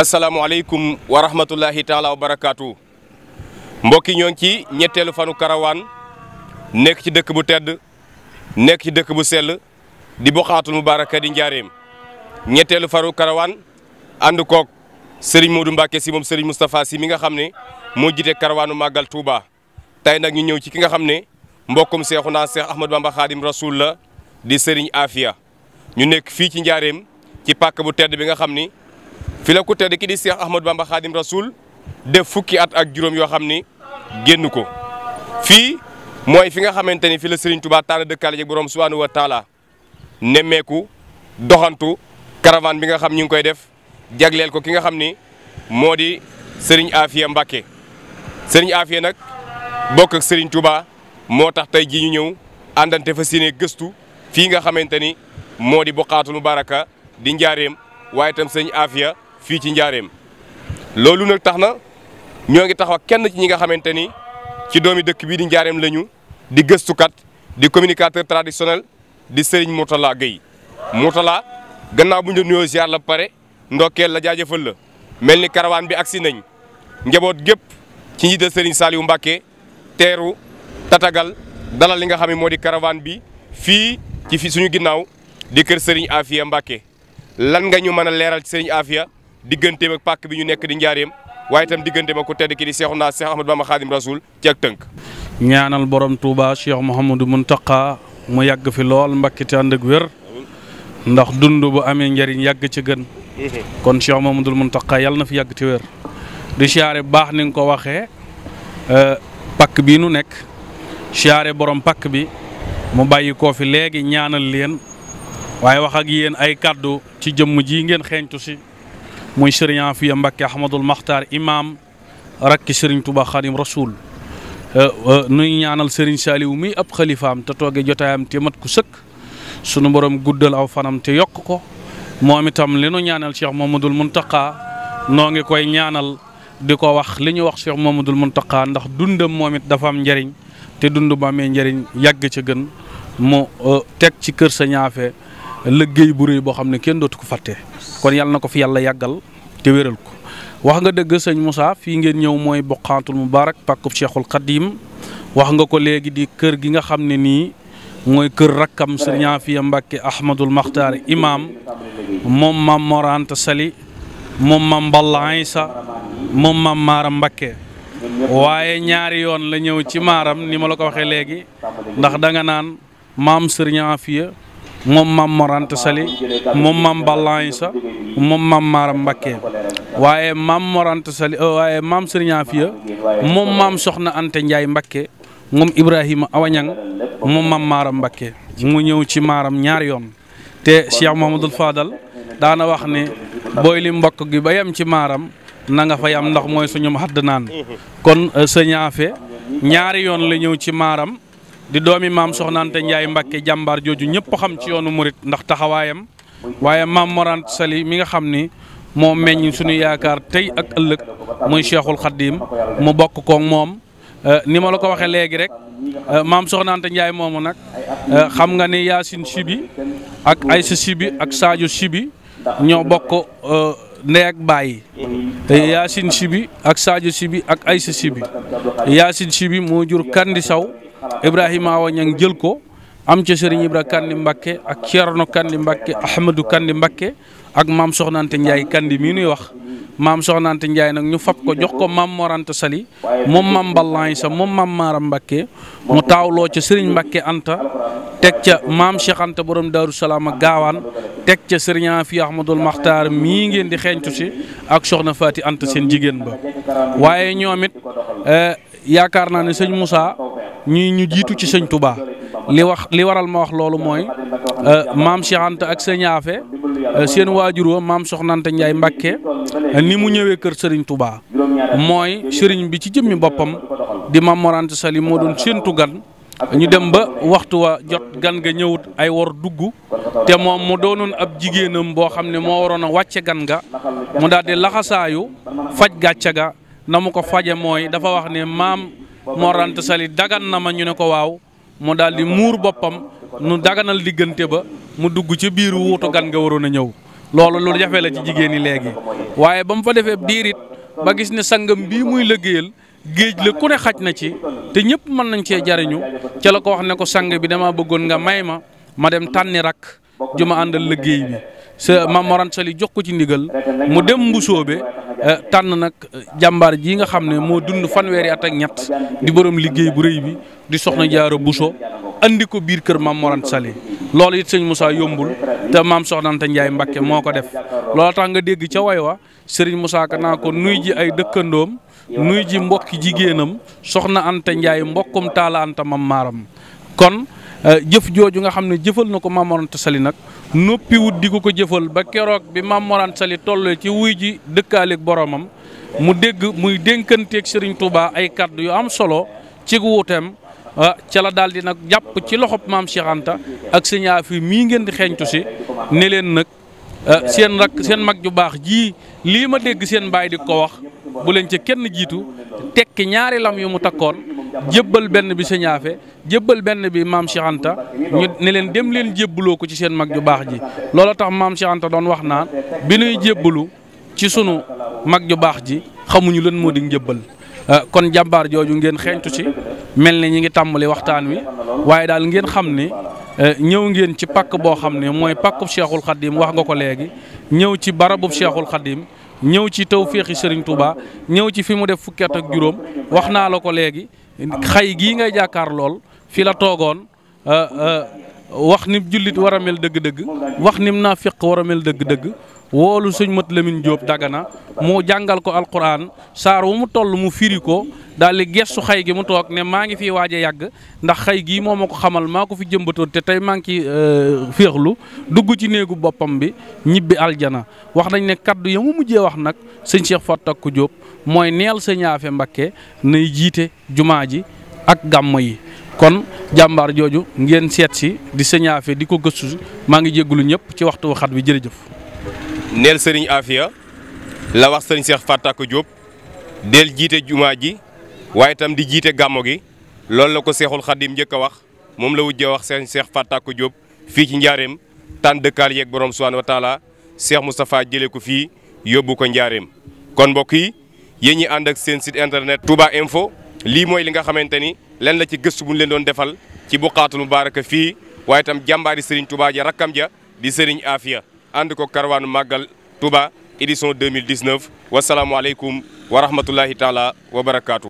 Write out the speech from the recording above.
asalaamualeykum wa rahmatullahi taala wa barakaatu mbokk yi ñoo ngi ci ñetteelu fanu karawaan nekk ci dëkk bu tedd nekk ci dëkk bu sell di boxaatul mubaaraka di njaareem ñetteelu fanu karawaan ànd sëriñ Serigne Modou Mbacke si moom sëriñ mustafa si mi nga xam ne moo jiite karawaanu màggal Touba tey nag ñu ñëw ci ki nga xam ne mbokkum seexu naa seex Ahmadu Bamba Xaadim Rasul la di sëriñ Afia ñu nekk fii ci njaareem ci pàkk bu tedd bi nga xam ni. fi la ku tedd ki di Seex Ahmadu Bamba Xaadim Rasuul def fukki at ak juróom yoo xam ni génn ko fii mooy fi nga xamante ni fi la Serigne Touba tànn dëkkaale ji borom subhaanahu wa taala nemmeeku doxantu caravane bi nga xam ñu ngi koy def jagleel ko ki nga xam ni moo di Serigne Afia mbake sëriñ Afia nag bokk ak Serigne moo tax tey jii ñu ñëw àndante fa sine gëstu fii nga xamante ni moo di Buqaatul Mubaaraka di njaareem waaye itam Serigne Afia fii ci njaareem loolu nag tax na ñoo ngi taxaw kenn ci ñi nga xamante ni ci doomi dëkk bii di njaareem lañu di gëstukat di communicateur traditionnel di Serigne Mourtala Gueye Mourtala gannaaw bu ñu nuyoo ziar la pare ndokkeel la jaajëfal la mel ni karawaan bi ak si nañ njaboot gépp ci njiital Serigne Saliou Mbacké teeru tatagal dalal li nga xam ne moo di karawaan bi fii ci fi suñu ginnaaw di kër Serigne Afia Mbacké lan nga ñu mën a leeral Serigne Afia digganteem ak pàkk bi ñu nekk di njaareem waaye tam digganteem ak ku tedd ki di Seexuna Seex Ahmadu Bamba Xaadim Rasuul ci ak tënk. ñaanal borom Touba Cheikh Mouhamadou Mountakha mu yàgg fi lool mbakkite ànd ak wér ndax dund bu amee njariñ yàgg ci gën. kon Cheikh Mouhamadou Mountakha yàlla na fi yàgg ci wér. di siyaare baax ni nga ko waxe e, pàkk bii nu nekk siyaare borom pàkk bi mu bàyyi koo fi léegi ñaanal leen waaye wax ak yéen ay kàddu ci jëmm ji ngeen xeeñtu si. muy sëriñ Afiya Mbakke Ahmadul Maxtaar imaam rakki sëriñ Touba Xadim Rasoul euh, euh, nuy ñaanal sëriñ Saliou mi ab xalifaam te tooge jotaayam te mat ku sëkk sunu borom guddal aw fanam te yokk ko moom itam li nu ñaanal Cheikh Mamadul Muntaqa noo ngi koy ñaanal di ko wax li ñu wax Cheikh Mamadul Muntaqa ndax dundam moom it dafa am njëriñ te dund ba amee njëriñ yàgg ca gën mu euh, teg ci kër sa ñaafe liggéey bu rëy boo xam ne kenn dootu ko fàtte. kon yàlla na ko fi yàlla yàggal te wéral ko wax nga dëgg sëñ Moussa fii ngeen ñëw mooy boqantul mubaarak pàkkub Cheikhul Khadim wax nga ko léegi di kër gi nga xam ne nii mooy kër rakkam sëriñ Afiya Mbàkke Ahmadul Maxtaar imaam moom maam Moranta Sali moom maam Mballa Aysa moom maam Maara Mbàkke waaye ñaari yoon la ñëw ci maaram ni ma la ko waxee léegi ndax danga naan maam sëriñ Afiya moom maam Mor Sali moom maam Balla Isa moom maam Maaram Mbakke waaye maam Mor Anta Sali waaye maam euh, Serigne Afia moom maam Soxna Anta Ndiaye Mbakke moom Ibrahima Awañang moom maam Maaram Mbakke mu ñëw ci Maaram ñaar yoon te Cheikh Mouhamadoul Fadal daana wax ne booy li mbokk gi ba yem ci Maaram na nga fa yam ndax mooy suñu xadd naan kon euh, Serigne Afia yoon la ñëw ci Maaram. di doomi maam soxnaante Njaay Mbàkke jàmbaar jooju ñëpp xam ci yoonu murit ndax taxawaayam waaye maam Morant Sali mi nga xam ni moo meññ suñu yaakaar tey ak ëllëg muy Cheikhul Xaddim mu bokk koog moom euh, ni ma la ko waxee léegi rek euh, maam soxnaante Njaay moomu nag euh, xam nga ni Yaasin Sibi ak Aysa Sibi ak saajo Sibi ñoo bokk ndey ak baay te Yaasin Sibi ak Sadio Sibi ak Aysa Sibi Yaasin Sibi moo jur Kandi Saw Ibrahima Awa Niang jël ko am ca Serigne Ibra Kandi Mbakke ak Thierno Kandi Mbakke Ahmadou Kandi Mbakke ak maam Soxnaante Ndiaye Kandi mii nuy wax maam Soxnaante Ndiaye nag ñu fab ko jox ko maam Morante Sali moom maam Ballan sa moom maam Maaram Mbakke mu loo ca Serigne Mbakke Anta teg ca maam Cheikh Anta borom Daaru Salaam ak Gaawaan teg ca Serigne Afi Ahmadul Maxtaar mii ngeen di xeeñtu si ak Soxna Faati Anta seen jigéen ba waaye ñoom eh, yaakaar naa ne sëñ Moussa. ñuy ñu jiitu ci sëñ Touba li wax li waral ma wax loolu mooy euh, maam Cheikh Anta ak sëñ Afe euh, seen waajur wa maam Soxna Anta Ndiaye euh, ni mu ñëwee kër Serigne Touba mooy Serigne bi ci jëmmi boppam di maam Mor Anta Sali moo doon séentu gan ñu dem ba waxtu wa jot gan ga ñëwut ay war dugg te moom mu doonoon ab jigéenam boo xam ne moo waroon a wàcce gan ga mu daal di laxasaayu faj gàcce ga na mu ko faje mooy dafa wax ne maam. Mor Anta Sali dagan na ma ñu ne ko waaw mu daal di muur boppam nu daganal diggante ba mu dugg ci biir wuutu gan nga waroon a ñëw loolu lu jafe la ci jigéen ñi léegi waaye ba mu fa defee diirit ba gis ne sangam bii muy lëggéeyal géej la ku ne xaj na ci te ñëpp mën nañ cee jariñu ca la ko wax ne ko sang bi dama bëggoon nga may ma ma dem tànni rakk ju ma àndal liggéey bi sa Maam Sali jox ko ci ndigal mu dem Mbusoobe eh, tànn nag jàmbaar ji nga xam ne moo dund fanweeri at ak ñett di borom liggéey bu rëy bi di soxna jaara Buso indi ko biir kër Maam Mor Anta Sali loolu it sëñ Moussa yombul te maam Soxna Anta Ndiaye Mbacke moo ko def loolu tax nga dégg ca way wa sëriñ Moussa ka naa ko nuy ji ay dëkkandoom nuy ji mbokki jigéenam soxna Anta Ndiaye mbokkum taala Anta mam kon Eh, jëf jooju nga xam ne jëfal na ko Maam Mor Sali nag noppiwut di ko ko jëfal ba keroog bi Maam Mor Anta Sali ci wuy ji dëkkaaleeg boromam mu dégg muy dénkanteeg Serigne tubaa ay kàddu yu am solo ci wuuteem ah, ca la daldi nag jàpp ci loxo mam Cheikh ak sëñ Afi mii ngeen di xeeñtu si ne leen nag eh, seen rakk seen mag ju baax jii lii ma dégg seen baay di ko wax bu leen ca kenn jiitu tekki ñaari lam yu mu takkoon. jébbal benn bi sëñ Afe jébbal benn bi maam Cheikh Anta ñu leen dem leen jébbaloo ko ci seen mag ju baax ji looloo tax maam Cheikh Anta doon wax naan bi nuy jébbalu ci sunu mag ju baax ji xamuñu leen moo di njëbbal euh, kon jàmbaar jooju ngeen xeeñtu ci mel ni ñi ngi tàmbali waxtaan wi waaye daal ngeen xam ni euh, ñëw ngeen ci pakk boo xam ne mooy pakkub Cheikhul Khadim wax nga ko léegi ñëw ci barabub Cheikhul Khadim ñëw ci tawféexi Serigne Touba ñëw ci fi mu def fukki at ak juróom wax naa la ko léegi xay gii ngay jàkkaar lool fi la toogoon euh, euh, wax ni jullit war a dëgg-dëgg wax ni naa war a dëgg-dëgg woolu sëñ mat Lamine Diop Dagana moo jàngal ko alquran saar wu mu toll mu firi ko daal di gestu xay gi mu toog ne maa ngi fi waaj a yàgg ndax xay gii moo ma ko xamal maa ko fi jëmbatoon te tey maa ngi ciy euh, féexlu dugg ci néegu boppam bi ñibbi aljana wax nañ ne kàddu ya mu mujjee wax nag sëñ Cheikh ko Diop mooy neel sa ñaafe Mbakke nay jiite jumaa ji ak gàmm yi. kon jàmbaar jooju ngeen seet si di sëñ di ko gëstu maa ngi jégalu ñëpp ci waxtu waxat bi jërëjëf. neel sëriñ Afia la wax sëriñ Cheikh Fatako Diop del jiite jumaa ji waaye itam di jiite gàmmo gi loolu la ko seexul xadim njëkk a wax moom la wujjee wax sëriñ Cheikh Fatako Diop fii ci njaareem tànn dëkkaal yeeg borom subhaanahu wa taala Cheikh Moustapha jëlee ko fii yóbbu ko njaareem kon mbokk yi yéen ñi ànd ak seen site internet Touba Info lii mooy li nga xamante ni. len la ci gëstu bu leen doon defal ci buqaatul mubaaraka fii waaye itam jàmbaari Serigne Touba ja rakkam ja di Serigne Afia ànd ko karwaanu màggal Touba édition 2019 wasalaamualeykum wa rahmatullahi taala wa barakaatu.